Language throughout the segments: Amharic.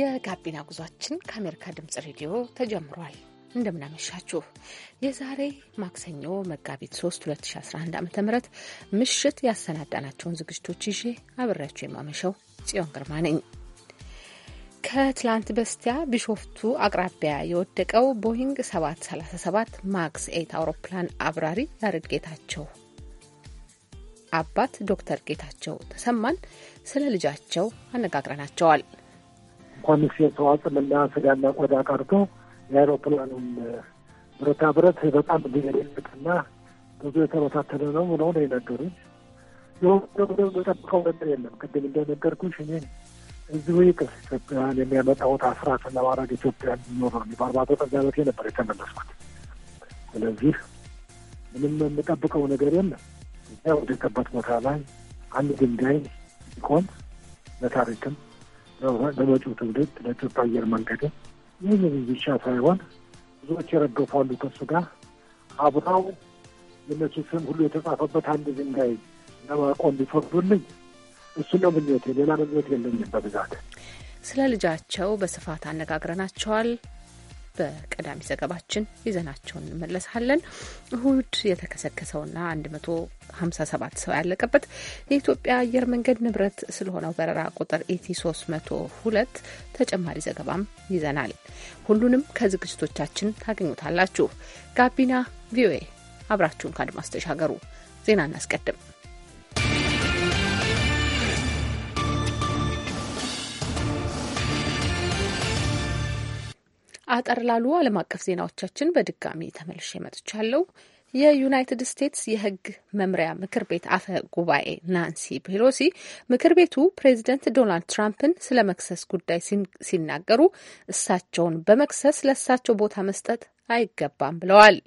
የጋቢና ጉዟችን ከአሜሪካ ድምጽ ሬዲዮ ተጀምሯል። እንደምናመሻችሁ የዛሬ ማክሰኞ መጋቢት 3 2011 ዓ ም ምሽት ያሰናዳናቸውን ዝግጅቶች ይዤ አብሬያችሁ የማመሸው ጽዮን ግርማ ነኝ። ከትላንት በስቲያ ቢሾፍቱ አቅራቢያ የወደቀው ቦይንግ 737 ማክስ 8 አውሮፕላን አብራሪ ያሬድ ጌታቸው አባት ዶክተር ጌታቸው ተሰማን ስለ ልጃቸው አነጋግረናቸዋል። ኮሚክሴት አጽምና ስጋና ቆዳ ቀርቶ የአይሮፕላኑም ብረታ ብረት በጣም ሊገለጥና ብዙ የተበታተነ ነው ብለው ነው የነገሩኝ። የሆነ ደግሞ ነገር የለም። ቅድም እንደነገርኩሽ እኔ እዚሁ ይቅር ኢትዮጵያን የሚያመጣውት አስራት ለማድረግ ኢትዮጵያ ኖር ነው። በአርባ ዘጠኝ ዓመቴ ነበር የተመለስኩት። ስለዚህ ምንም የምጠብቀው ነገር የለም። እዚያ ወደቀበት ቦታ ላይ አንድ ድንጋይ ሲቆም ለታሪክም ለመጪው ትውልድ ለኢትዮጵያ አየር መንገድ ይህ ብቻ ሳይሆን ብዙዎች የረገፋሉ ከሱ ጋር አብረው የነሱ ስም ሁሉ የተጻፈበት አንድ ድንጋይ ለማቆም ቢፈርዱልኝ እሱ ነው ምኞቴ። ሌላ ምኞት የለኝም። በብዛት ስለ ልጃቸው በስፋት አነጋግረናቸዋል። በቀዳሚ ዘገባችን ይዘናቸውን እንመለሳለን። እሁድ የተከሰከሰውና 157 ሰው ያለቀበት የኢትዮጵያ አየር መንገድ ንብረት ስለሆነው በረራ ቁጥር ኢቲ 302 ተጨማሪ ዘገባም ይዘናል። ሁሉንም ከዝግጅቶቻችን ታገኙታላችሁ። ጋቢና ቪኦኤ አብራችሁን ከአድማስ ተሻገሩ። ዜና እናስቀድም። አጠር ላሉ ዓለም አቀፍ ዜናዎቻችን በድጋሚ ተመልሼ መጥቻለሁ። የዩናይትድ ስቴትስ የሕግ መምሪያ ምክር ቤት አፈ ጉባኤ ናንሲ ፔሎሲ ምክር ቤቱ ፕሬዚደንት ዶናልድ ትራምፕን ስለ መክሰስ ጉዳይ ሲናገሩ እሳቸውን በመክሰስ ለእሳቸው ቦታ መስጠት አይገባም ብለዋል።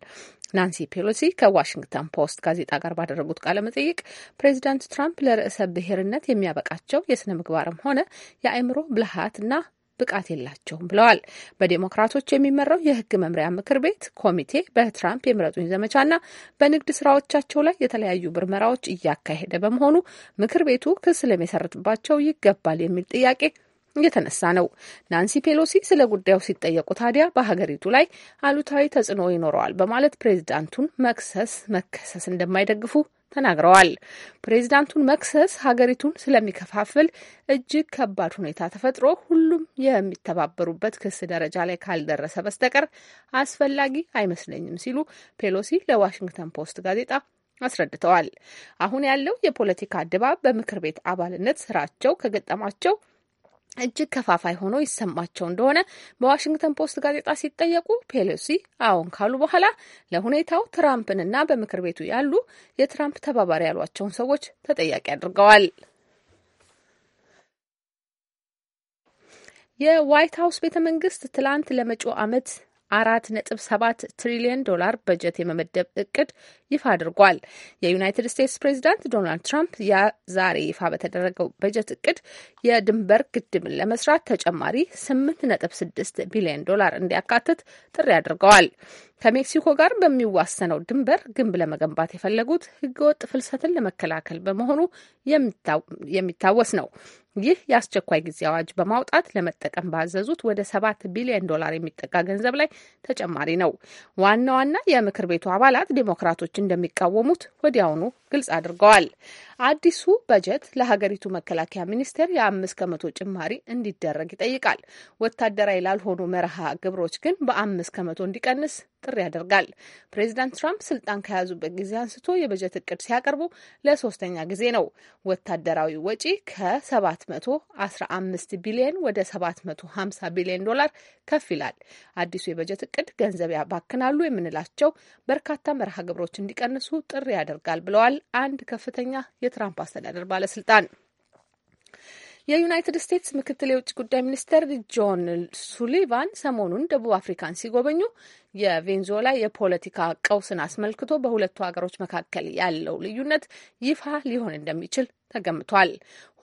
ናንሲ ፔሎሲ ከዋሽንግተን ፖስት ጋዜጣ ጋር ባደረጉት ቃለ መጠይቅ ፕሬዚዳንት ትራምፕ ለርዕሰ ብሔርነት የሚያበቃቸው የስነ ምግባርም ሆነ የአእምሮ ብልሃትና ብቃት የላቸውም ብለዋል። በዴሞክራቶች የሚመራው የህግ መምሪያ ምክር ቤት ኮሚቴ በትራምፕ የምረጡኝ ዘመቻና በንግድ ስራዎቻቸው ላይ የተለያዩ ምርመራዎች እያካሄደ በመሆኑ ምክር ቤቱ ክስ ለሚመሰርትባቸው ይገባል የሚል ጥያቄ እየተነሳ ነው። ናንሲ ፔሎሲ ስለ ጉዳዩ ሲጠየቁ ታዲያ በሀገሪቱ ላይ አሉታዊ ተጽዕኖ ይኖረዋል በማለት ፕሬዚዳንቱን መክሰስ መከሰስ እንደማይደግፉ ተናግረዋል። ፕሬዚዳንቱን መክሰስ ሀገሪቱን ስለሚከፋፍል እጅግ ከባድ ሁኔታ ተፈጥሮ ሁሉም የሚተባበሩበት ክስ ደረጃ ላይ ካልደረሰ በስተቀር አስፈላጊ አይመስለኝም ሲሉ ፔሎሲ ለዋሽንግተን ፖስት ጋዜጣ አስረድተዋል። አሁን ያለው የፖለቲካ ድባብ በምክር ቤት አባልነት ስራቸው ከገጠማቸው እጅግ ከፋፋይ ሆኖ ይሰማቸው እንደሆነ በዋሽንግተን ፖስት ጋዜጣ ሲጠየቁ ፔሎሲ አዎን ካሉ በኋላ ለሁኔታው ትራምፕንና በምክር ቤቱ ያሉ የትራምፕ ተባባሪ ያሏቸውን ሰዎች ተጠያቂ አድርገዋል። የዋይት ሀውስ ቤተ መንግስት ትላንት ለመጪው አመት አራት ነጥብ ሰባት ትሪሊየን ዶላር በጀት የመመደብ እቅድ ይፋ አድርጓል። የዩናይትድ ስቴትስ ፕሬዚዳንት ዶናልድ ትራምፕ ያ ዛሬ ይፋ በተደረገው በጀት እቅድ የድንበር ግድብን ለመስራት ተጨማሪ ስምንት ነጥብ ስድስት ቢሊየን ዶላር እንዲያካትት ጥሪ አድርገዋል። ከሜክሲኮ ጋር በሚዋሰነው ድንበር ግንብ ለመገንባት የፈለጉት ህገወጥ ፍልሰትን ለመከላከል በመሆኑ የሚታወስ ነው። ይህ የአስቸኳይ ጊዜ አዋጅ በማውጣት ለመጠቀም ባዘዙት ወደ ሰባት ቢሊዮን ዶላር የሚጠጋ ገንዘብ ላይ ተጨማሪ ነው። ዋና ዋና የምክር ቤቱ አባላት ዴሞክራቶች እንደሚቃወሙት ወዲያውኑ ግልጽ አድርገዋል። አዲሱ በጀት ለሀገሪቱ መከላከያ ሚኒስቴር የአምስት ከመቶ ጭማሪ እንዲደረግ ይጠይቃል። ወታደራዊ ላልሆኑ መርሃ ግብሮች ግን በአምስት ከመቶ እንዲቀንስ ጥሪ ያደርጋል። ፕሬዚዳንት ትራምፕ ስልጣን ከያዙበት ጊዜ አንስቶ የበጀት እቅድ ሲያቀርቡ ለሶስተኛ ጊዜ ነው። ወታደራዊ ወጪ ከ715 ቢሊዮን ወደ 750 ቢሊዮን ዶላር ከፍ ይላል። አዲሱ የበጀት እቅድ ገንዘብ ያባክናሉ የምንላቸው በርካታ መርሃ ግብሮች እንዲቀንሱ ጥሪ ያደርጋል ብለዋል አንድ ከፍተኛ የትራምፕ አስተዳደር ባለስልጣን የዩናይትድ ስቴትስ ምክትል የውጭ ጉዳይ ሚኒስትር ጆን ሱሊቫን ሰሞኑን ደቡብ አፍሪካን ሲጎበኙ የቬንዙዌላ የፖለቲካ ቀውስን አስመልክቶ በሁለቱ ሀገሮች መካከል ያለው ልዩነት ይፋ ሊሆን እንደሚችል ተገምቷል።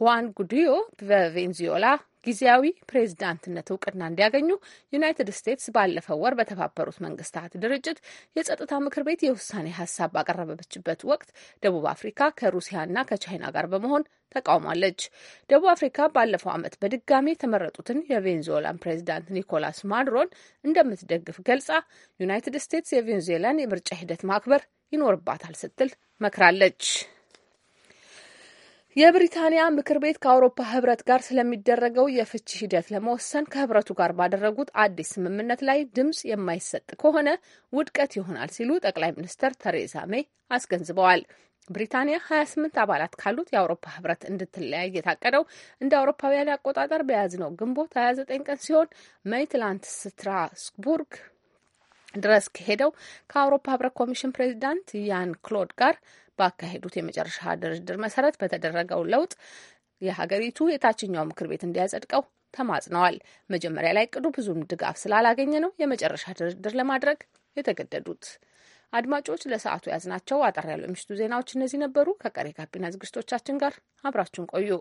ሁዋን ጉዲዮ በቬንዙዌላ ጊዜያዊ ፕሬዚዳንትነት እውቅና እንዲያገኙ ዩናይትድ ስቴትስ ባለፈው ወር በተባበሩት መንግስታት ድርጅት የጸጥታ ምክር ቤት የውሳኔ ሀሳብ ባቀረበችበት ወቅት ደቡብ አፍሪካ ከሩሲያና ከቻይና ጋር በመሆን ተቃውማለች። ደቡብ አፍሪካ ባለፈው ዓመት በድጋሚ የተመረጡትን የቬንዙዌላን ፕሬዚዳንት ኒኮላስ ማዱሮን እንደምትደግፍ ገልጻ ዩናይትድ ስቴትስ የቬንዙዌላን የምርጫ ሂደት ማክበር ይኖርባታል ስትል መክራለች። የብሪታንያ ምክር ቤት ከአውሮፓ ህብረት ጋር ስለሚደረገው የፍቺ ሂደት ለመወሰን ከህብረቱ ጋር ባደረጉት አዲስ ስምምነት ላይ ድምፅ የማይሰጥ ከሆነ ውድቀት ይሆናል ሲሉ ጠቅላይ ሚኒስትር ተሬዛ ሜይ አስገንዝበዋል። ብሪታንያ 28 አባላት ካሉት የአውሮፓ ህብረት እንድትለያይ የታቀደው እንደ አውሮፓውያን አቆጣጠር በያዝነው ግንቦት 29 ቀን ሲሆን ሜይ ትላንት ስትራስቡርግ ድረስ ከሄደው ከአውሮፓ ህብረት ኮሚሽን ፕሬዚዳንት ያን ክሎድ ጋር ባካሄዱት የመጨረሻ ድርድር መሰረት በተደረገው ለውጥ የሀገሪቱ የታችኛው ምክር ቤት እንዲያጸድቀው ተማጽነዋል። መጀመሪያ ላይ ቅዱ ብዙም ድጋፍ ስላላገኘ ነው የመጨረሻ ድርድር ለማድረግ የተገደዱት። አድማጮች ለሰዓቱ ያዝናቸው አጠር ያሉ የምሽቱ ዜናዎች እነዚህ ነበሩ። ከቀሪ ካቢና ዝግጅቶቻችን ጋር አብራችሁን ቆዩ።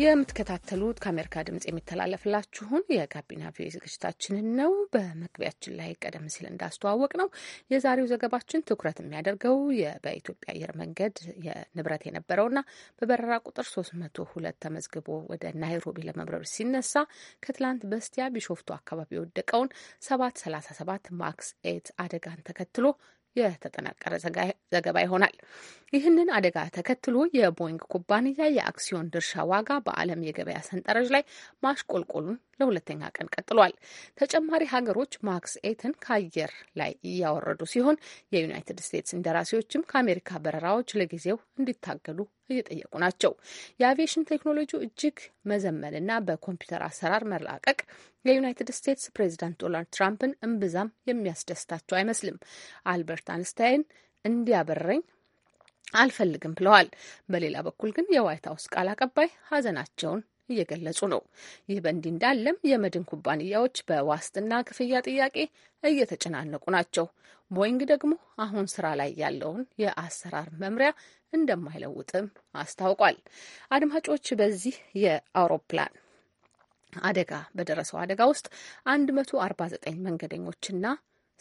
የምትከታተሉት ከአሜሪካ ድምጽ የሚተላለፍላችሁን የጋቢና ቪኦኤ ዝግጅታችንን ነው። በመግቢያችን ላይ ቀደም ሲል እንዳስተዋወቅ ነው የዛሬው ዘገባችን ትኩረት የሚያደርገው በኢትዮጵያ አየር መንገድ ንብረት የነበረውና በበረራ ቁጥር 302 ተመዝግቦ ወደ ናይሮቢ ለመብረር ሲነሳ ከትላንት በስቲያ ቢሾፍቱ አካባቢ የወደቀውን 737 ማክስ ኤት አደጋን ተከትሎ የተጠናቀረ ዘገባ ይሆናል። ይህንን አደጋ ተከትሎ የቦይንግ ኩባንያ የአክሲዮን ድርሻ ዋጋ በዓለም የገበያ ሰንጠረዥ ላይ ማሽቆልቆሉን ለሁለተኛ ቀን ቀጥሏል። ተጨማሪ ሀገሮች ማክስ ኤትን ከአየር ላይ እያወረዱ ሲሆን የዩናይትድ ስቴትስ እንደራሴዎችም ከአሜሪካ በረራዎች ለጊዜው እንዲታገሉ እየጠየቁ ናቸው። የአቪዬሽን ቴክኖሎጂ እጅግ መዘመንና በኮምፒውተር አሰራር መላቀቅ የዩናይትድ ስቴትስ ፕሬዚዳንት ዶናልድ ትራምፕን እምብዛም የሚያስደስታቸው አይመስልም። አልበርት አንስታይን እንዲያበረኝ አልፈልግም ብለዋል። በሌላ በኩል ግን የዋይት ሀውስ ቃል አቀባይ ሀዘናቸውን እየገለጹ ነው። ይህ በእንዲህ እንዳለም የመድን ኩባንያዎች በዋስትና ክፍያ ጥያቄ እየተጨናነቁ ናቸው። ቦይንግ ደግሞ አሁን ስራ ላይ ያለውን የአሰራር መምሪያ እንደማይለውጥም አስታውቋል። አድማጮች በዚህ የአውሮፕላን አደጋ በደረሰው አደጋ ውስጥ 149 መንገደኞችና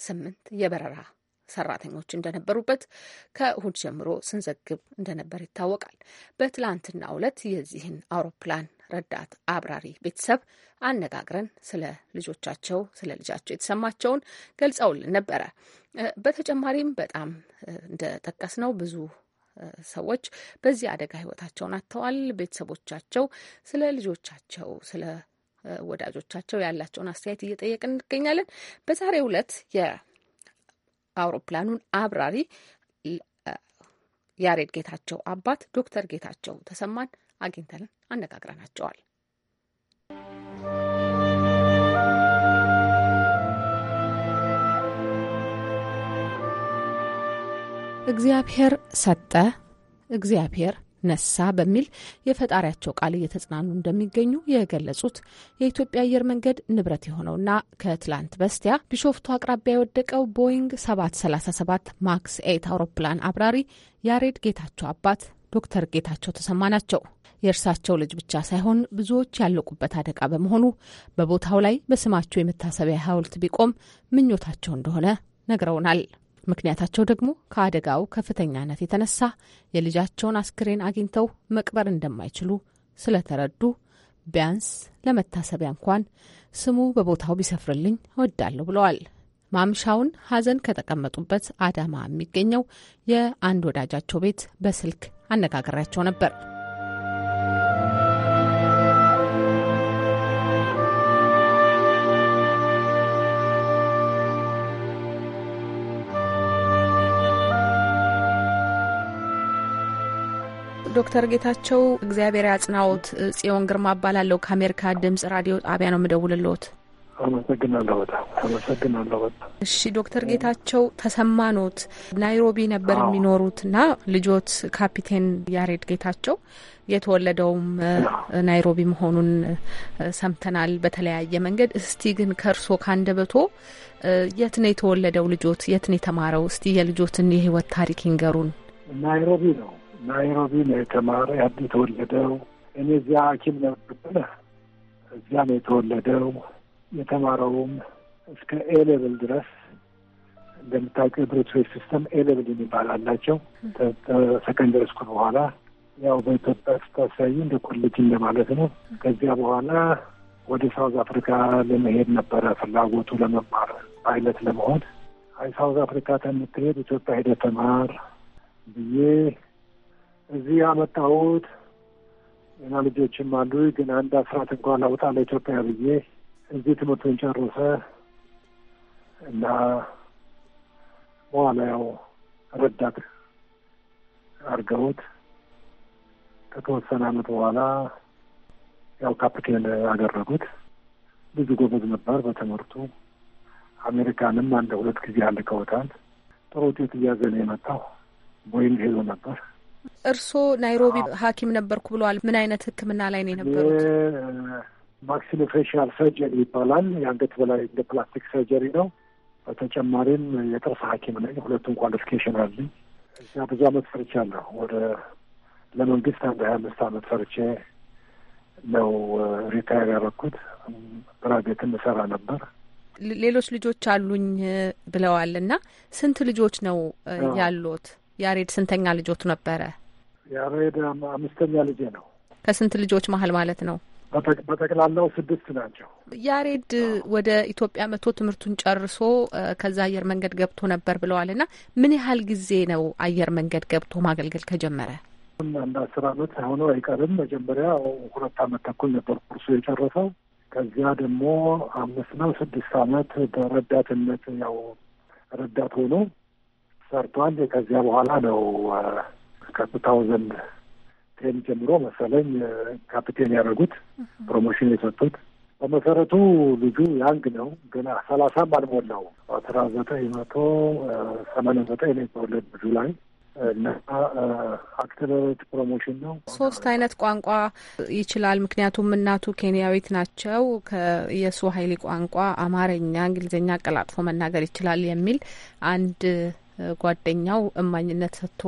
ስምንት የበረራ ሰራተኞች እንደነበሩበት ከእሁድ ጀምሮ ስንዘግብ እንደነበር ይታወቃል። በትላንትና ዕለት የዚህን አውሮፕላን ረዳት አብራሪ ቤተሰብ አነጋግረን ስለ ልጆቻቸው ስለ ልጃቸው የተሰማቸውን ገልጸውልን ነበረ። በተጨማሪም በጣም እንደጠቀስ ነው ብዙ ሰዎች በዚህ አደጋ ህይወታቸውን አጥተዋል። ቤተሰቦቻቸው ስለ ልጆቻቸው ስለ ወዳጆቻቸው ያላቸውን አስተያየት እየጠየቅን እንገኛለን። በዛሬው ዕለት የአውሮፕላኑን አብራሪ ያሬድ ጌታቸው አባት ዶክተር ጌታቸው ተሰማን አግኝተን አነጋግረናቸዋል። እግዚአብሔር ሰጠ፣ እግዚአብሔር ነሳ በሚል የፈጣሪያቸው ቃል እየተጽናኑ እንደሚገኙ የገለጹት የኢትዮጵያ አየር መንገድ ንብረት የሆነውና ከትላንት በስቲያ ቢሾፍቱ አቅራቢያ የወደቀው ቦይንግ 737 ማክስ ኤት አውሮፕላን አብራሪ ያሬድ ጌታቸው አባት ዶክተር ጌታቸው ተሰማ ናቸው። የእርሳቸው ልጅ ብቻ ሳይሆን ብዙዎች ያለቁበት አደጋ በመሆኑ በቦታው ላይ በስማቸው የመታሰቢያ ሐውልት ቢቆም ምኞታቸው እንደሆነ ነግረውናል። ምክንያታቸው ደግሞ ከአደጋው ከፍተኛነት የተነሳ የልጃቸውን አስክሬን አግኝተው መቅበር እንደማይችሉ ስለተረዱ ቢያንስ ለመታሰቢያ እንኳን ስሙ በቦታው ቢሰፍርልኝ እወዳለሁ ብለዋል። ማምሻውን ሐዘን ከተቀመጡበት አዳማ የሚገኘው የአንድ ወዳጃቸው ቤት በስልክ አነጋግሬያቸው ነበር። ዶክተር ጌታቸው እግዚአብሔር ያጽናዎት። ጽዮን ግርማ እባላለሁ። ከአሜሪካ ድምጽ ራዲዮ ጣቢያ ነው የምደውልልዎት። አመሰግናለሁ። በጣም አመሰግናለሁ። በጣም እሺ። ዶክተር ጌታቸው ተሰማኖት ናይሮቢ ነበር የሚኖሩት ና ልጆት ካፒቴን ያሬድ ጌታቸው የተወለደውም ናይሮቢ መሆኑን ሰምተናል በተለያየ መንገድ። እስቲ ግን ከእርሶ ካንደበቶ የት ነው የተወለደው ልጆት? የት ነው የተማረው? እስቲ የልጆትን የህይወት ታሪክ ይንገሩን። ናይሮቢ ነው ናይሮቢ ነው የተማረ ያ የተወለደው። እኔ እዚያ ሐኪም ነበር እዚያ ነው የተወለደው የተማረውም እስከ ኤሌብል ድረስ እንደምታውቀው የብሬትሬት ሲስተም ኤሌብል የሚባል አላቸው። ሰከንደሪ ስኩል በኋላ ያው በኢትዮጵያ ስታሳዩ እንደ ኮሌጅ እንደማለት ነው። ከዚያ በኋላ ወደ ሳውዝ አፍሪካ ለመሄድ ነበረ ፍላጎቱ ለመማር ፓይለት ለመሆን። አይ ሳውዝ አፍሪካ ከምትሄድ ኢትዮጵያ ሄደ ተማር ብዬ እዚህ ያመጣሁት እና ልጆችም አሉ ግን አንድ አስራት እንኳን ላውጣ ለኢትዮጵያ ብዬ እዚህ ትምህርቱን ጨርሰ እና በኋላ ያው ረዳት አድርገውት ከተወሰነ አመት በኋላ ያው ካፕቴን አደረጉት። ብዙ ጎበዝ ነበር በትምህርቱ። አሜሪካንም አንድ ሁለት ጊዜ አልከውታል። ጥሩ ውጤት እያዘ ነው የመጣው። ቦይንግ ሄዶ ነበር። እርስዎ ናይሮቢ ሐኪም ነበርኩ ብለዋል። ምን አይነት ሕክምና ላይ ነው የነበሩት? ማክሲሎፌሻል ሰርጀሪ ይባላል። የአንገት በላይ እንደ ፕላስቲክ ሰርጀሪ ነው። በተጨማሪም የጥርስ ሐኪም ነኝ። ሁለቱም ኳሊፊኬሽን አለኝ እዚያ ብዙ አመት ፈርቻለሁ። ወደ ለመንግስት አንድ ሀያ አምስት አመት ፈርቼ ነው ሪታየር uh, ያደረኩት። ፕራይቬት እንሰራ ነበር። ሌሎች ልጆች አሉኝ ብለዋል እና ስንት ልጆች ነው uh, ያሉት? ያሬድ ስንተኛ ልጆት ነበረ? ያሬድ አምስተኛ ልጄ ነው። ከስንት ልጆች መሀል ማለት ነው? በጠቅላላው ስድስት ናቸው። ያሬድ ወደ ኢትዮጵያ መቶ ትምህርቱን ጨርሶ ከዛ አየር መንገድ ገብቶ ነበር ብለዋል እና ምን ያህል ጊዜ ነው አየር መንገድ ገብቶ ማገልገል ከጀመረ? አንድ አስር አመት ሆነው አይቀርም። መጀመሪያ ሁለት አመት ተኩል ነበር ኩርሱ የጨረሰው። ከዚያ ደግሞ አምስት ነው ስድስት አመት በረዳትነት ያው ረዳት ሆኖ ሰርቷል። ከዚያ በኋላ ነው ከቱታውዘንድ ቴን ጀምሮ መሰለኝ ካፕቴን ያደረጉት ፕሮሞሽን የሰጡት። በመሰረቱ ልጁ ያንግ ነው፣ ገና ሰላሳም አልሞላው። አስራ ዘጠኝ መቶ ሰማንያ ዘጠኝ ነው የተወለድ ብዙ ላይ እና አክትሬት ፕሮሞሽን ነው። ሶስት አይነት ቋንቋ ይችላል። ምክንያቱም እናቱ ኬንያዊት ናቸው። ከየሱ የስዋሂሊ ቋንቋ፣ አማርኛ፣ እንግሊዝኛ አቀላጥፎ መናገር ይችላል የሚል አንድ ጓደኛው እማኝነት ሰጥቶ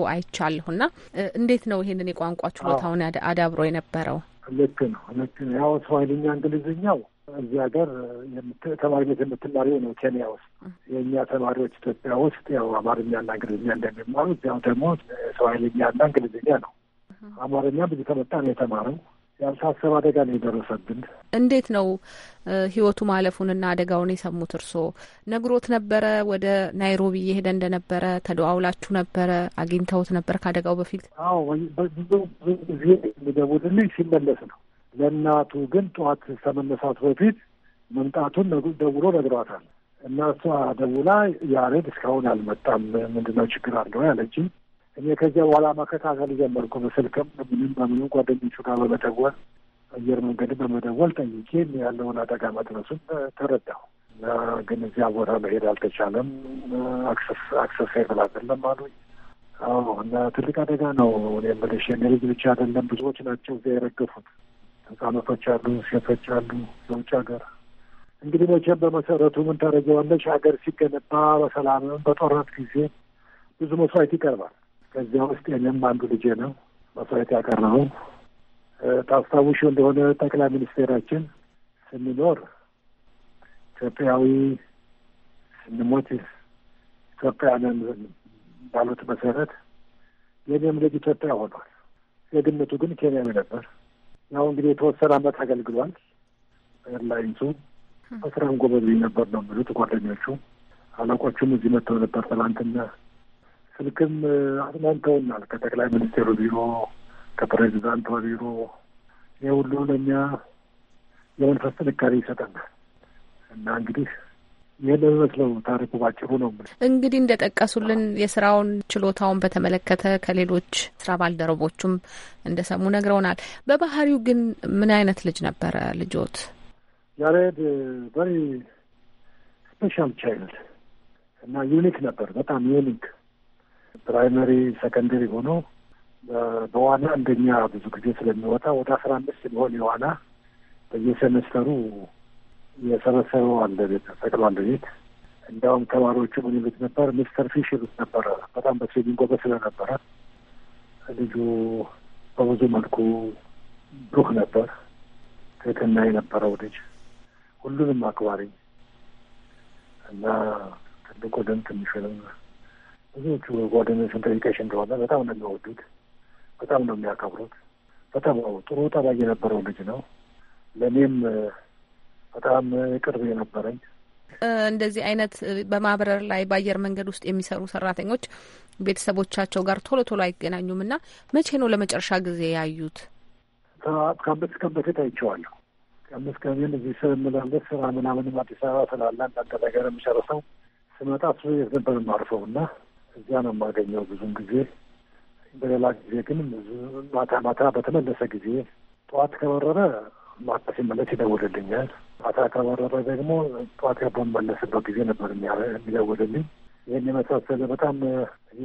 ና እንዴት ነው ይሄንን የቋንቋ ችሎታውን አዳብሮ የነበረው? ልክ ነው ልክ ነው። ያው ስዋሂልኛ እንግሊዝኛው እዚህ ሀገር ተማሪ ቤት የምትማሪው ነው። ኬንያ ውስጥ የእኛ ተማሪዎች ኢትዮጵያ ውስጥ ያው አማርኛና እንግሊዝኛ እንደሚማሩት ያው ደግሞ ና እንግሊዝኛ ነው። አማርኛ ብዙ ከመጣ ነው የተማረው ያልታሰበ አደጋ ነው የደረሰብን። እንዴት ነው ህይወቱ ማለፉንና አደጋውን የሰሙት እርስዎ? ነግሮት ነበረ ወደ ናይሮቢ እየሄደ እንደነበረ? ተደዋውላችሁ ነበረ? አግኝተውት ነበር ከአደጋው በፊት? አዎ፣ ብዙ ጊዜ የሚደውልልኝ ሲመለስ ነው። ለእናቱ ግን ጠዋት ከመነሳቱ በፊት መምጣቱን ደውሎ ነግሯታል። እናቷ ደውላ ያሬድ እስካሁን አልመጣም፣ ምንድነው ችግር አለው ያለችኝ እኔ ከዚያ በኋላ መከታተል ጀመርኩ። በስልክም በምንም በምንም ጓደኞቹ ጋር በመደወል አየር መንገድ በመደወል ጠይቄ ያለውን አደጋ መድረሱን ተረዳሁ። ግን እዚያ ቦታ መሄድ አልተቻለም። አክሰስ አክሰስ አይብል አይደለም አሉ። አዎ እና ትልቅ አደጋ ነው። እኔ የምልሽ የኔ ልጅ ብቻ አይደለም ብዙዎች ናቸው እዚያ የረገፉት። ህጻናቶች አሉ፣ ሴቶች አሉ፣ የውጭ ሀገር እንግዲህ መቼም በመሰረቱ ምን ታደርጊዋለሽ? ሀገር ሲገነባ በሰላምም በጦርነት ጊዜ ብዙ መስዋዕት ይቀርባል። ከዚያ ውስጥ የኔም አንዱ ልጄ ነው መሰረት ያቀረበው። ታስታውሹ እንደሆነ ጠቅላይ ሚኒስቴራችን ስንኖር ኢትዮጵያዊ ስንሞት ኢትዮጵያንን ባሉት መሰረት የኔም ልጅ ኢትዮጵያ ሆኗል። ዜግነቱ ግን ኬንያዊ ነበር። ያው እንግዲህ የተወሰነ አመት አገልግሏል ኤርላይንሱ። በስራም ጎበዝ ነበር ነው የሚሉት ጓደኞቹ። አለቆቹም እዚህ መጥተው ነበር ትላንትና ስልክም አጽናንተውናል። ከጠቅላይ ሚኒስትሩ ቢሮ፣ ከፕሬዚዳንቱ ቢሮ ይህ ሁሉ ለእኛ የመንፈስ ጥንካሬ ይሰጠናል እና እንግዲህ ይህን የሚመስለው ታሪኩ ባጭሩ ነው። እንግዲህ እንደ ጠቀሱልን የስራውን ችሎታውን በተመለከተ ከሌሎች ስራ ባልደረቦቹም እንደ ሰሙ ነግረውናል። በባህሪው ግን ምን አይነት ልጅ ነበረ ልጆት? ያሬድ በሪ ስፔሻል ቻይልድ እና ዩኒክ ነበር። በጣም ዩኒክ ፕራይመሪ ሰከንደሪ ሆኖ በዋና አንደኛ ብዙ ጊዜ ስለሚወጣ ወደ አስራ አምስት የሚሆን የዋና በየሴሜስተሩ የሰበሰበው አለ ቤት ሰቅሎ አለ ቤት እንዲያውም ተማሪዎቹ ምን ይሉት ነበር? ሚስተር ፊሽ ይሉት ነበረ። በጣም በስዊሚንግ ጎበዝ ስለነበረ ልጁ በብዙ መልኩ ብሩህ ነበር። ትህትና የነበረው ልጅ፣ ሁሉንም አክባሪ እና ትልቁንም ትንሹንም ብዙዎቹ ጓደኞቹን ጠይቀሽ እንደሆነ በጣም ነው የሚወዱት፣ በጣም ነው የሚያከብሩት። በጣም ነው ጥሩ ጠባይ የነበረው ልጅ ነው። ለእኔም በጣም ቅርብ የነበረኝ እንደዚህ አይነት በማህበረር ላይ በአየር መንገድ ውስጥ የሚሰሩ ሰራተኞች ቤተሰቦቻቸው ጋር ቶሎ ቶሎ አይገናኙም እና መቼ ነው ለመጨረሻ ጊዜ ያዩት? ከአምስት ቀን በፊት አይቼዋለሁ። ከአምስት ቀን ግን እዚህ ስምላለች ስራ ምናምንም አዲስ አበባ ስላለ አንዳንድ ነገር የሚጨርሰው ስመጣ እሱ የት ነበር የማርፈው እና እዚያ ነው የማገኘው ብዙን ጊዜ። በሌላ ጊዜ ግን ማታ ማታ በተመለሰ ጊዜ ጠዋት ከበረረ ማታ ሲመለስ ይደውልልኛል። ማታ ከበረረ ደግሞ ጠዋት በመለስበት ጊዜ ነበር የሚደውልልኝ። ይህን የመሳሰለ በጣም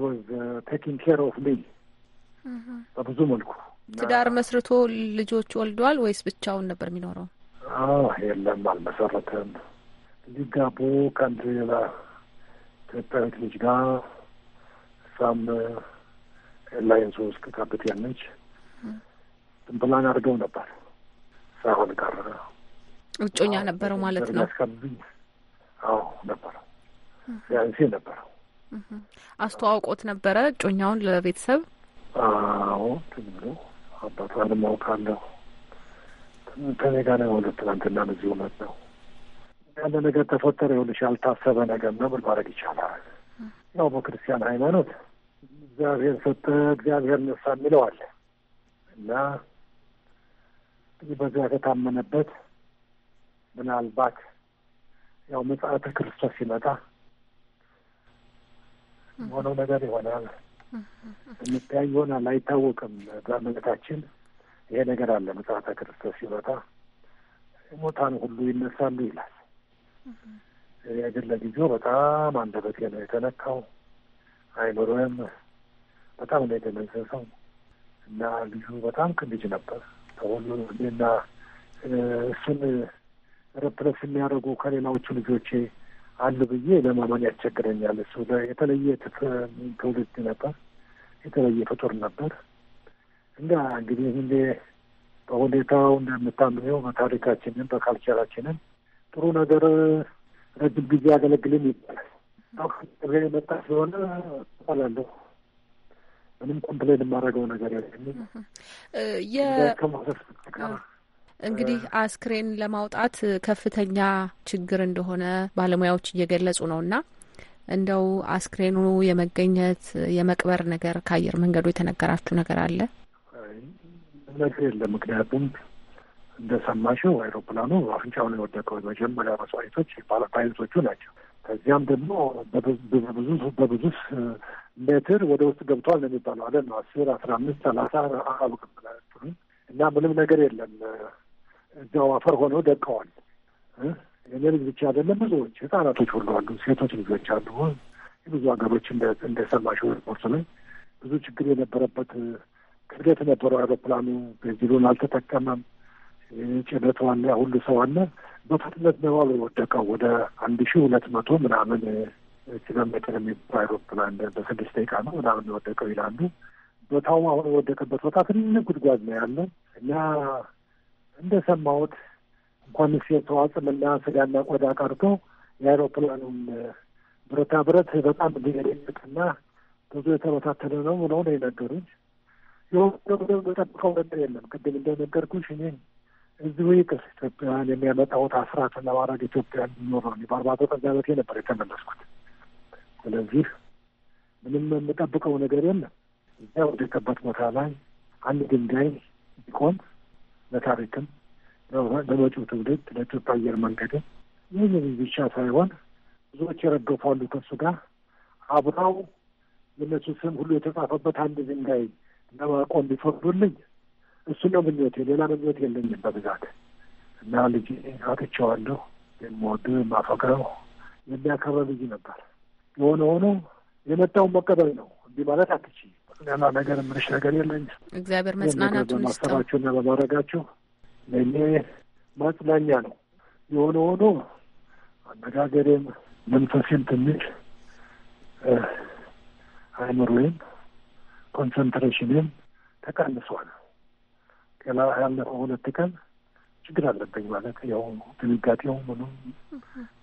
ወዝ ቴኪንግ ኬር ኦፍ ሚ በብዙ መልኩ። ትዳር መስርቶ ልጆች ወልደዋል ወይስ ብቻውን ነበር የሚኖረው? የለም አልመሰረተም። ሊጋቡ ከአንድ ሌላ ኢትዮጵያዊት ልጅ ጋር እሷም ላይንሱ ውስጥ ካብት ያለች ትንብላን አድርገው ነበር፣ ሳይሆን ቀረ። እጮኛ ነበረው ማለት ነው። አዎ፣ ነበረው ያንሴ ነበረው። አስተዋውቆት ነበረ እጮኛውን ለቤተሰብ? አዎ፣ ትብሎ አባቷን ማውቃለሁ። ከኔ ጋር ነው የሆነ ትናንትና እዚህ እውነት ነው ያለ ነገር ተፈጠረ። ይኸውልሽ ያልታሰበ ነገር ነው ብል ማድረግ ይቻላል ያው በክርስቲያን ሃይማኖት እግዚአብሔር ሰጠ እግዚአብሔር ነሳ የሚለዋል እና እንግዲህ በዚያ ከታመነበት ምናልባት ያው ምጽአተ ክርስቶስ ሲመጣ የሆነው ነገር ይሆናል። እንተያይ ይሆናል አይታወቅም። በእምነታችን ይሄ ነገር አለ። ምጽአተ ክርስቶስ ሲመጣ ሙታን ሁሉ ይነሳሉ ይላል። እኔ ለጊዜው በጣም አንደበቴ ነው የተነካው፣ አይምሮዬም በጣም ነው የተመዘሰው እና ልጁ በጣም ክልጅ ነበር። ተወሉ እና እሱን ረፕረስ የሚያደርጉ ከሌላዎቹ ልጆቼ አሉ ብዬ ለማመን ያስቸግረኛል። እሱ የተለየ ትውልድ ነበር፣ የተለየ ፍጡር ነበር። እንዳ እንግዲህ እንደ በሁኔታው እንደምታምኘው በታሪካችንም በካልቸራችንም ጥሩ ነገር ረጅም ጊዜ ያገለግልን ይባላል። ሬ መጣ ስለሆነ እባላለሁ። ምንም ኮምፕሌን የማደርገው ነገር የለኝም። እንግዲህ አስክሬን ለማውጣት ከፍተኛ ችግር እንደሆነ ባለሙያዎች እየገለጹ ነው እና እንደው አስክሬኑ የመገኘት የመቅበር ነገር ከአየር መንገዱ የተነገራችሁ ነገር አለ? ነገር የለም። ምክንያቱም እንደሰማሽው አይሮፕላኑ አፍንጫው ነው የወደቀው። የመጀመሪያ መስዋዕቶች ፓይለቶቹ ናቸው። ከዚያም ደግሞ በብዙ በብዙ ሜትር ወደ ውስጥ ገብቷል ነው የሚባለው አለ ነው አስር አስራ አምስት ሰላሳ አብቅም እና ምንም ነገር የለም። እዚያው አፈር ሆነው ደቀዋል። የኔ ልጅ ብቻ አይደለም ብዙዎች ህጻናቶች ሁሉ አሉ፣ ሴቶች ልጆች አሉ። የብዙ ሀገሮች እንደሰማሽው ሪፖርት ላይ ብዙ ችግር የነበረበት ክብደት ነበረው አይሮፕላኑ ቤንዚኑን አልተጠቀመም። ጭነቱ አለ፣ ሁሉ ሰው አለ። በፍጥነት ነው የወደቀው ወደ አንድ ሺ ሁለት መቶ ምናምን ኪሎ ሜትር የሚባል አይሮፕላን በስድስት ደቂቃ ነው ምናምን የወደቀው ይላሉ። ቦታውም አሁን የወደቀበት ቦታ ትልቅ ጉድጓድ ነው ያለው እና እንደሰማሁት እንኳን ሴቶ ምና ስጋና ቆዳ ቀርቶ የአይሮፕላኑም ብረታ ብረት በጣም እንዲገደቅና ብዙ የተበታተነ ነው ብለው ነው የነገሩኝ። የሆነ ደግሞ የምጠብቀው ነገር የለም። ቅድም እንደነገርኩሽ እኔ እዚሁ ይቅር ኢትዮጵያን የሚያመጣውት አስራት ለማድረግ ኢትዮጵያ ሊኖር ነው። በአርባቶ ጠጋ ነበር የተመለስኩት። ስለዚህ ምንም የምጠብቀው ነገር የለም። እዚያ ወደቀበት ቦታ ላይ አንድ ድንጋይ ቢቆም ለታሪክም ለመጪው ትውልድ ለኢትዮጵያ አየር መንገድም ይህ ብቻ ሳይሆን ብዙዎች የረገፏሉ ከሱ ጋር አብረው የነሱ ስም ሁሉ የተጻፈበት አንድ ድንጋይ ለማቆም ቢፈቅዱልኝ እሱ ነው ምኞቴ፣ ሌላ ምኞት የለኝም በብዛት እና ልጅ አጥቼዋለሁ። የምወደው የማፈቅረው የሚያከብረው ልጅ ነበር። የሆነ ሆኖ የመጣውን መቀበል ነው። እንዲህ ማለት አትች ሌላ ነገር የምልሽ ነገር የለኝም። እግዚአብሔር መጽናናቱ በማሰባችሁ እና በማድረጋቸው ለእኔ ማጽናኛ ነው። የሆነ ሆኖ አነጋገሬም መንፈሴም ትንሽ አይምሮዬም ኮንሰንትሬሽንም ተቀንሷል። ገና ያለፈው ሁለት ቀን ችግር አለብኝ ማለት ያው ድንጋጤው ምኑም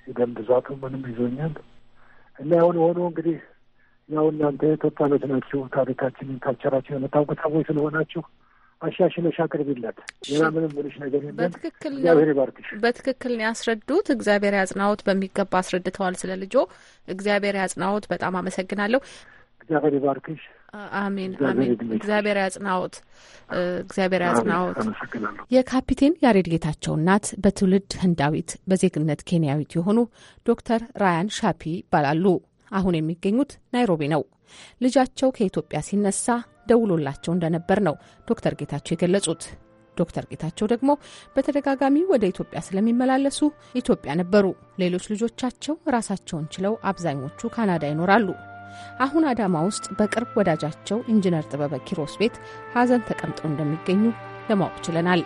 የደም ብዛቱ ምንም ይዞኛል እና ያሁን ሆኖ እንግዲህ ያው እናንተ ኢትዮጵያኖች ናችሁ፣ ታሪካችንን ካልቸራችን የምታውቁ ሰዎች ስለሆናችሁ አሻሽለሽ አቅርቢለት። ሌላ ምንም ምንሽ ነገር የለም። በትክክል እግዚአብሔር ይባርክሽ። በትክክል ነው ያስረዱት። እግዚአብሔር ያጽናዎት። በሚገባ አስረድተዋል ስለ ልጆ። እግዚአብሔር ያጽናዎት። በጣም አመሰግናለሁ። እግዚአብሔር ይባርክሽ። አሜን፣ አሜን። እግዚአብሔር ያጽናዎት፣ እግዚአብሔር ያጽናዎት። የካፒቴን ያሬድ ጌታቸው እናት በትውልድ ህንዳዊት በዜግነት ኬንያዊት የሆኑ ዶክተር ራያን ሻፒ ይባላሉ። አሁን የሚገኙት ናይሮቢ ነው። ልጃቸው ከኢትዮጵያ ሲነሳ ደውሎላቸው እንደነበር ነው ዶክተር ጌታቸው የገለጹት። ዶክተር ጌታቸው ደግሞ በተደጋጋሚ ወደ ኢትዮጵያ ስለሚመላለሱ ኢትዮጵያ ነበሩ። ሌሎች ልጆቻቸው ራሳቸውን ችለው አብዛኞቹ ካናዳ ይኖራሉ። አሁን አዳማ ውስጥ በቅርብ ወዳጃቸው ኢንጂነር ጥበበ ኪሮስ ቤት ሀዘን ተቀምጠው እንደሚገኙ ለማወቅ ችለናል።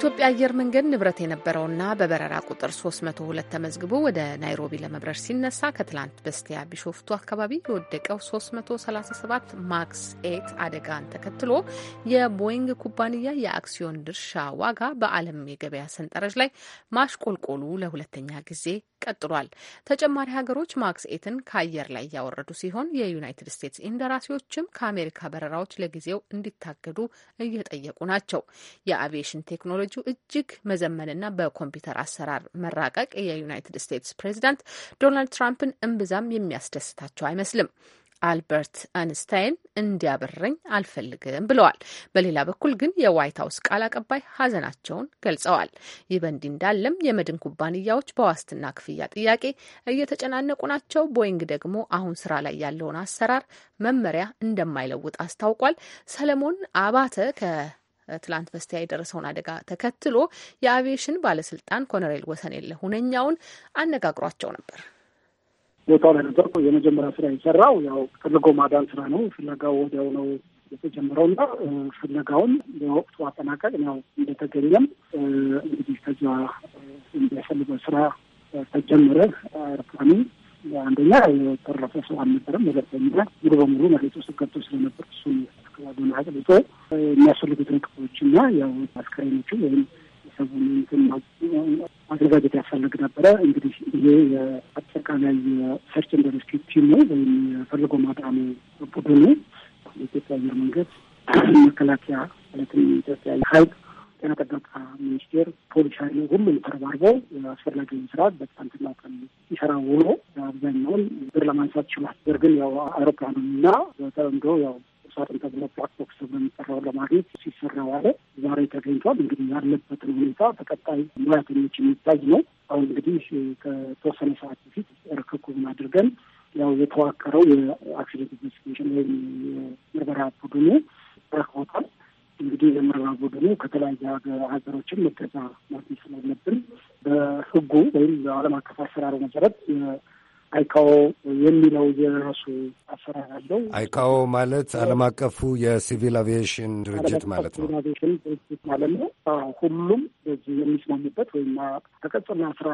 የኢትዮጵያ አየር መንገድ ንብረት የነበረውና በበረራ ቁጥር 302 ተመዝግቦ ወደ ናይሮቢ ለመብረር ሲነሳ ከትላንት በስቲያ ቢሾፍቱ አካባቢ የወደቀው 337 ማክስ ኤት አደጋን ተከትሎ የቦይንግ ኩባንያ የአክሲዮን ድርሻ ዋጋ በዓለም የገበያ ሰንጠረዥ ላይ ማሽቆልቆሉ ለሁለተኛ ጊዜ ቀጥሏል። ተጨማሪ ሀገሮች ማክስ ኤትን ከአየር ላይ እያወረዱ ሲሆን የዩናይትድ ስቴትስ ኢንደራሲዎችም ከአሜሪካ በረራዎች ለጊዜው እንዲታገዱ እየጠየቁ ናቸው። የአቪዬሽን ቴክኖሎጂው እጅግ መዘመንና በኮምፒውተር አሰራር መራቀቅ የዩናይትድ ስቴትስ ፕሬዚዳንት ዶናልድ ትራምፕን እምብዛም የሚያስደስታቸው አይመስልም። አልበርት አንስታይን እንዲያበረኝ አልፈልግም ብለዋል። በሌላ በኩል ግን የዋይት ሀውስ ቃል አቀባይ ሀዘናቸውን ገልጸዋል። ይህ በእንዲህ እንዳለም የመድን ኩባንያዎች በዋስትና ክፍያ ጥያቄ እየተጨናነቁ ናቸው። ቦይንግ ደግሞ አሁን ስራ ላይ ያለውን አሰራር መመሪያ እንደማይለውጥ አስታውቋል። ሰለሞን አባተ ትላንት በስቲያ የደረሰውን አደጋ ተከትሎ የአቪዬሽን ባለስልጣን ኮሎኔል የለ ሁነኛውን አነጋግሯቸው ነበር። ቦታው ላይ ነበርኩ። የመጀመሪያ ስራ የሰራው ያው ፈልጎ ማዳን ስራ ነው። ፍለጋው ወዲያው ነው የተጀመረውና ፍለጋውን በወቅቱ አጠናቀቅ ያው እንደተገኘም እንግዲህ ከዚያ የሚያስፈልገው ስራ ተጀመረ። አርካሚ አንደኛ የተረፈ ሰው አልነበረም። ሁለተኛ ሙሉ በሙሉ መሬት ውስጥ ገብቶ ስለነበር እሱን አካባቢውን አቅልጦ የሚያስፈልጉትን ቅቦችና ያው አስከሬኖቹ ወይም የህብረተሰቡን እንትን ማዘጋጀት ያስፈልግ ነበረ። እንግዲህ ይሄ የአጠቃላይ ሰርች ኤንድ ሬስኪው ቲም ነው ወይም የፈልጎ ማጣሙ ቡድን ነው። የኢትዮጵያ አየር መንገድ፣ መከላከያ ማለትም የኢትዮጵያ ሀይል፣ ጤና ጥበቃ ሚኒስቴር፣ ፖሊስ ኃይሉ ሁሉም ተረባርበው አስፈላጊውን ስራ በጣም ትላቀም ይሰራ ውሎ አብዛኛውን ብር ለማንሳት ችሏል። ነገር ግን ያው አውሮፕላኑና በተለምዶ ያው ሳጥን ተብሎ ብላክ ቦክስ ተብሎ የሚጠራው ለማግኘት ሲሰራ ዋለ። ዛሬ ተገኝቷል። እንግዲህ ያለበትን ሁኔታ ተቀጣይ ሙያተኞች የሚታይ ነው። አሁን እንግዲህ ከተወሰነ ሰዓት በፊት ርክኩን አድርገን ያው የተዋቀረው የአክሲደንት ኢንቨስቲጌሽን ወይም የምርመራ ቡድኑ ረክቦታል። እንግዲህ የምርመራ ቡድኑ ከተለያዩ ሀገሮችን መገዛ ማግኘት ስላለብን በህጉ ወይም በዓለም አቀፍ አሰራሩ መሰረት አይካኦ የሚለው የራሱ አሰራር አለው። አይካኦ ማለት ዓለም አቀፉ የሲቪል አቪዬሽን ድርጅት ማለት ነው። አቪዬሽን ድርጅት ማለት ነው። ሁሉም በዚህ የሚስማሙበት ወይም ተቀጽና አስራ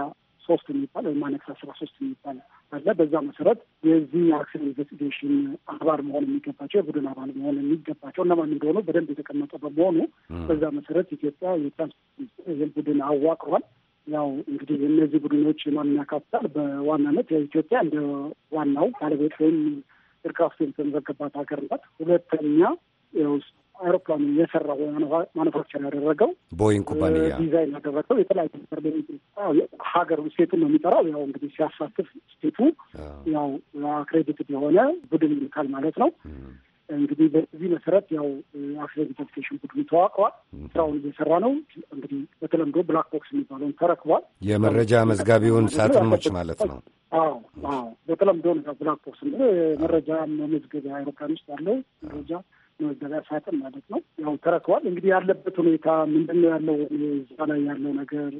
ሶስት የሚባል ወይም አነክስ አስራ ሶስት የሚባል አለ። በዛ መሰረት የዚህ የአክሽን ኢንቨስቲጌሽን አባል መሆን የሚገባቸው የቡድን አባል መሆን የሚገባቸው እነማን እንደሆኑ በደንብ የተቀመጠ በመሆኑ በዛ መሰረት ኢትዮጵያ የትራንስ ቡድን አዋቅሯል። ያው እንግዲህ እነዚህ ቡድኖች የማንን ያካትታል? በዋናነት ኢትዮጵያ እንደ ዋናው ባለቤት ወይም ኤርክራፍት የተመዘገባት ሀገር ናት። ሁለተኛ ውስጥ አይሮፕላኑ የሰራው ማኑፋክቸር ያደረገው ቦይንግ ኩባንያ ዲዛይን ያደረገው የተለያዩ ሀገር ስቴቱ ነው የሚጠራው። ያው እንግዲህ ሲያሳትፍ ስቴቱ ያው አክሬዲትድ የሆነ ቡድን ይልካል ማለት ነው። እንግዲህ በዚህ መሰረት ያው አክሲደንት ኢንቨስቲጌሽን ቡድኑ ተዋቅሯል። ስራውን እየሰራ ነው። እንግዲህ በተለምዶ ብላክ ቦክስ የሚባለውን ተረክቧል። የመረጃ መዝጋቢውን ሳጥኖች ማለት ነው። አዎ አዎ፣ በተለምዶ ብላክ ቦክስ መረጃ መመዝገቢያ አይሮፕላን ውስጥ ያለው መረጃ መመዝገቢያ ሳጥን ማለት ነው። ያው ተረክቧል። እንግዲህ ያለበት ሁኔታ ምንድን ነው ያለው እዛ ላይ ያለው ነገር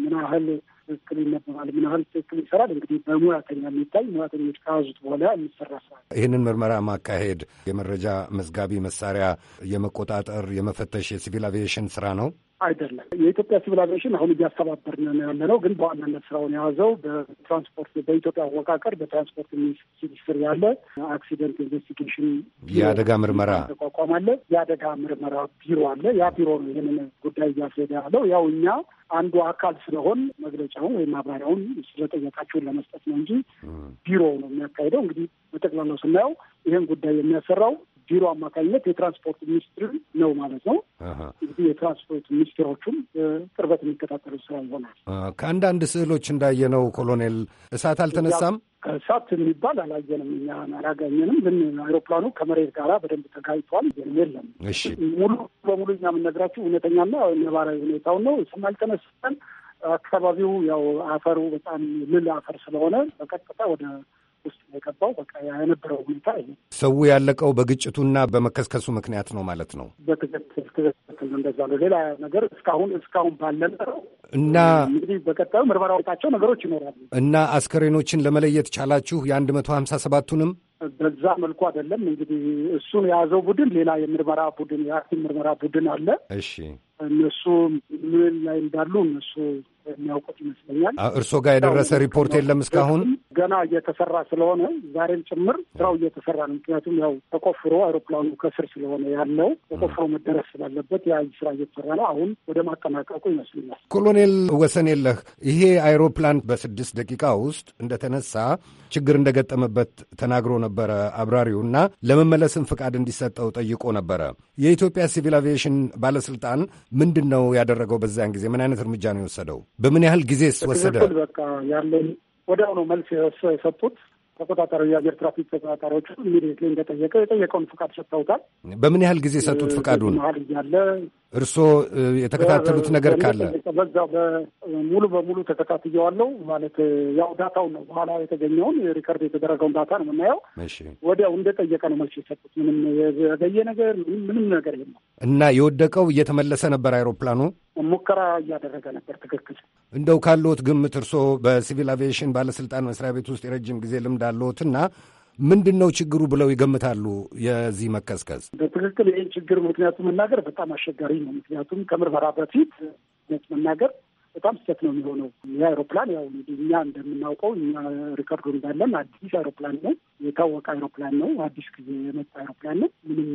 ምን ያህል ትክክል ይነበባል፣ ምን ያህል ትክክል ይሰራል፣ እንግዲህ በሙያተኛ የሚታይ ሙያተኞች ከያዙት በኋላ የሚሰራ ስራ። ይህንን ምርመራ ማካሄድ የመረጃ መዝጋቢ መሳሪያ የመቆጣጠር የመፈተሽ የሲቪል አቪዬሽን ስራ ነው። አይደለም። የኢትዮጵያ ሲቪል አቪዬሽን አሁን እያስተባበርን ነው ያለ ነው፣ ግን በዋናነት ስራውን የያዘው በትራንስፖርት በኢትዮጵያ አወቃቀር በትራንስፖርት ሚኒስትር ያለ አክሲደንት ኢንቨስቲጌሽን የአደጋ ምርመራ ተቋቋም አለ፣ የአደጋ ምርመራ ቢሮ አለ። ያ ቢሮ ነው ይህንን ጉዳይ እያስሄደ ያለው። ያው እኛ አንዱ አካል ስለሆን መግለጫውን ወይም ማብራሪያውን ስለጠየቃችሁን ለመስጠት ነው እንጂ ቢሮ ነው የሚያካሄደው። እንግዲህ በጠቅላላው ስናየው ይህን ጉዳይ የሚያሰራው ቢሮ አማካኝነት የትራንስፖርት ሚኒስትር ነው ማለት ነው። እንግዲህ የትራንስፖርት ሚኒስትሮቹም ቅርበት የሚከታተሉ ስራ ይሆናል። ከአንዳንድ ስዕሎች እንዳየነው ኮሎኔል እሳት አልተነሳም። እሳት የሚባል አላየንም፣ እኛ አላገኘንም። ግን አይሮፕላኑ ከመሬት ጋር በደንብ ተጋይቷል። የለም ሙሉ በሙሉ እኛ የምንነግራችሁ እውነተኛና ነባራዊ ሁኔታውን ነው። እሱም አልተነሳም። አካባቢው ያው አፈሩ በጣም ልል አፈር ስለሆነ በቀጥታ ወደ ውስጥ የገባው በቃ የነበረው ሁኔታ ሰው ያለቀው በግጭቱና በመከስከሱ ምክንያት ነው ማለት ነው። በትክክል እንደዛ ነው። ሌላ ነገር እስካሁን እስካሁን ባለ እና እንግዲህ በቀጣዩ ምርመራዎቻቸው ነገሮች ይኖራሉ እና አስከሬኖችን ለመለየት ቻላችሁ የአንድ መቶ ሀምሳ ሰባቱንም በዛ መልኩ አይደለም እንግዲህ እሱን የያዘው ቡድን ሌላ የምርመራ ቡድን የአክቲቭ ምርመራ ቡድን አለ። እሺ እነሱ ምን ላይ እንዳሉ እነሱ የሚያውቁት ይመስለኛል። እርስዎ ጋር የደረሰ ሪፖርት የለም እስካሁን? ገና እየተሰራ ስለሆነ ዛሬም ጭምር ስራው እየተሰራ ነው። ምክንያቱም ያው ተቆፍሮ አይሮፕላኑ ከስር ስለሆነ ያለው ተቆፍሮ መደረስ ስላለበት ያ ስራ እየተሰራ ነው። አሁን ወደ ማጠናቀቁ ይመስለኛል። ኮሎኔል ወሰን የለህ ይሄ አይሮፕላን በስድስት ደቂቃ ውስጥ እንደተነሳ ችግር እንደገጠመበት ተናግሮ ነበረ አብራሪው እና ለመመለስም ፍቃድ እንዲሰጠው ጠይቆ ነበረ። የኢትዮጵያ ሲቪል አቪዬሽን ባለስልጣን ምንድን ነው ያደረገው? በዚያን ጊዜ ምን አይነት እርምጃ ነው የወሰደው? በምን ያህል ጊዜ ስወሰደ? በቃ ያለን ወዲያው ነው መልስ የሰጡት ተቆጣጣሪ የአየር ትራፊክ ተቆጣጣሪዎቹ ኢሚዲየትሊ እንደጠየቀ የጠየቀውን ፍቃድ ሰጥተውታል። በምን ያህል ጊዜ ሰጡት ፍቃዱን? መሀል እያለ እርስዎ የተከታተሉት ነገር ካለ በዛው ሙሉ በሙሉ ተከታትየዋለው። ማለት ያው ዳታው ነው በኋላ የተገኘውን ሪከርድ የተደረገውን ዳታ ነው የምናየው። ወዲያው እንደጠየቀ ነው መልስ የሰጡት። ምንም የዘገየ ነገር ምንም ነገር የለም። እና የወደቀው እየተመለሰ ነበር አይሮፕላኑ ሙከራ እያደረገ ነበር። ትክክል። እንደው ካለዎት ግምት እርስዎ በሲቪል አቪዬሽን ባለስልጣን መስሪያ ቤት ውስጥ የረጅም ጊዜ ልምድ አለዎትና ምንድን ነው ችግሩ ብለው ይገምታሉ? የዚህ መቀዝቀዝ በትክክል ይህን ችግር ምክንያቱ መናገር በጣም አስቸጋሪ ነው። ምክንያቱም ከምርመራ በፊት መናገር በጣም ስህተት ነው የሚሆነው። ይህ አይሮፕላን ያው እንግዲህ እኛ እንደምናውቀው እኛ ሪከርዱ እንዳለን አዲስ አይሮፕላን ነው፣ የታወቀ አይሮፕላን ነው፣ አዲስ ጊዜ የመጣ አይሮፕላን ነው። ምንም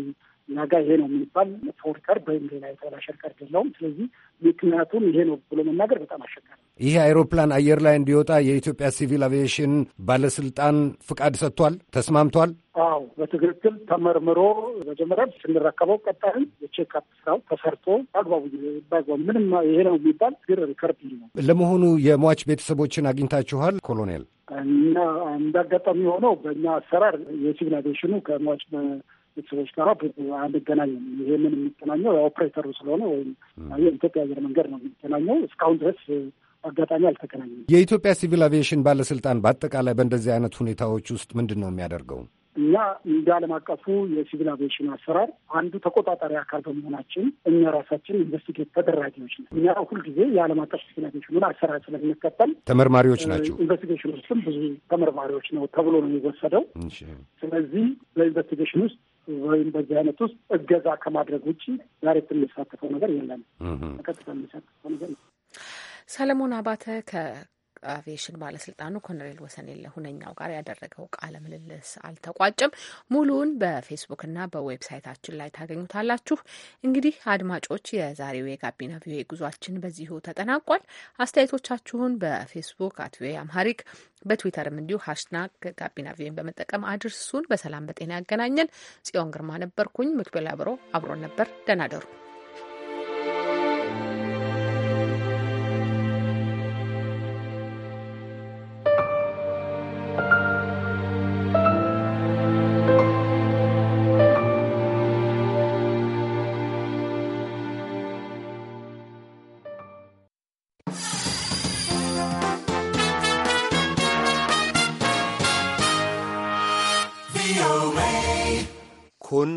እኛ ይሄ ነው የሚባል መጥፎ ሪከርድ ወይም ሌላ የተበላሸ ሪከርድ የለውም። ስለዚህ ምክንያቱም ይሄ ነው ብሎ መናገር በጣም አስቸጋሪ። ይህ አይሮፕላን አየር ላይ እንዲወጣ የኢትዮጵያ ሲቪል አቪዬሽን ባለስልጣን ፍቃድ ሰጥቷል፣ ተስማምቷል። አዎ በትክክል ተመርምሮ መጀመሪያ ስንረከበው ቀጣይም የቼክ አፕ ስራው ተሰርቶ አግባቡ ባይጓል ምንም ይሄ ነው የሚባል ግን ሪከርድ ነው። ለመሆኑ የሟች ቤተሰቦችን አግኝታችኋል ኮሎኔል? እና እንዳጋጣሚ የሆነው በእኛ አሰራር የሲቪል አቪዬሽኑ ከሟች ቤተሰቦች ጋር አንገናኝም። ይሄንን የሚገናኘው የኦፕሬተሩ ስለሆነ ወይም የኢትዮጵያ አየር መንገድ ነው የሚገናኘው። እስካሁን ድረስ አጋጣሚ አልተገናኘም። የኢትዮጵያ ሲቪል አቪዬሽን ባለስልጣን በአጠቃላይ በእንደዚህ አይነት ሁኔታዎች ውስጥ ምንድን ነው የሚያደርገው? እኛ እንደ ዓለም አቀፉ የሲቪል አቪዬሽን አሰራር አንዱ ተቆጣጣሪ አካል በመሆናችን እኛ ራሳችን ኢንቨስቲጌት ተደራጊዎች ነው። እኛ ሁልጊዜ የዓለም አቀፍ ሲቪል አቪዬሽኑን አሰራር ስለምንከተል ተመርማሪዎች ናቸው። ኢንቨስቲጌሽን ውስጥም ብዙ ተመርማሪዎች ነው ተብሎ ነው የሚወሰደው። ስለዚህ በኢንቨስቲጌሽን ውስጥ ወይም በዚህ አይነት ውስጥ እገዛ ከማድረግ ውጭ ዛሬ የምንሳተፈው ነገር የለም። በቀጥታ የምንሳተፈው ነገር ሰለሞን አባተ አቪዬሽን ባለስልጣኑ ኮሎኔል ወሰኔለ ሁነኛው ጋር ያደረገው ቃለ ምልልስ አልተቋጭም። ሙሉውን በፌስቡክና በዌብሳይታችን ላይ ታገኙታላችሁ። እንግዲህ አድማጮች የዛሬው የጋቢና ቪኦኤ ጉዟችን በዚሁ ተጠናቋል። አስተያየቶቻችሁን በፌስቡክ አት ቪኦኤ አምሃሪክ በትዊተርም እንዲሁ ሀሽታግ ጋቢና ቪኦኤን በመጠቀም አድርሱን። በሰላም በጤና ያገናኘን። ጽዮን ግርማ ነበርኩኝ። ምክቤል አብሮ አብሮን ነበር። ደህና ደሩ።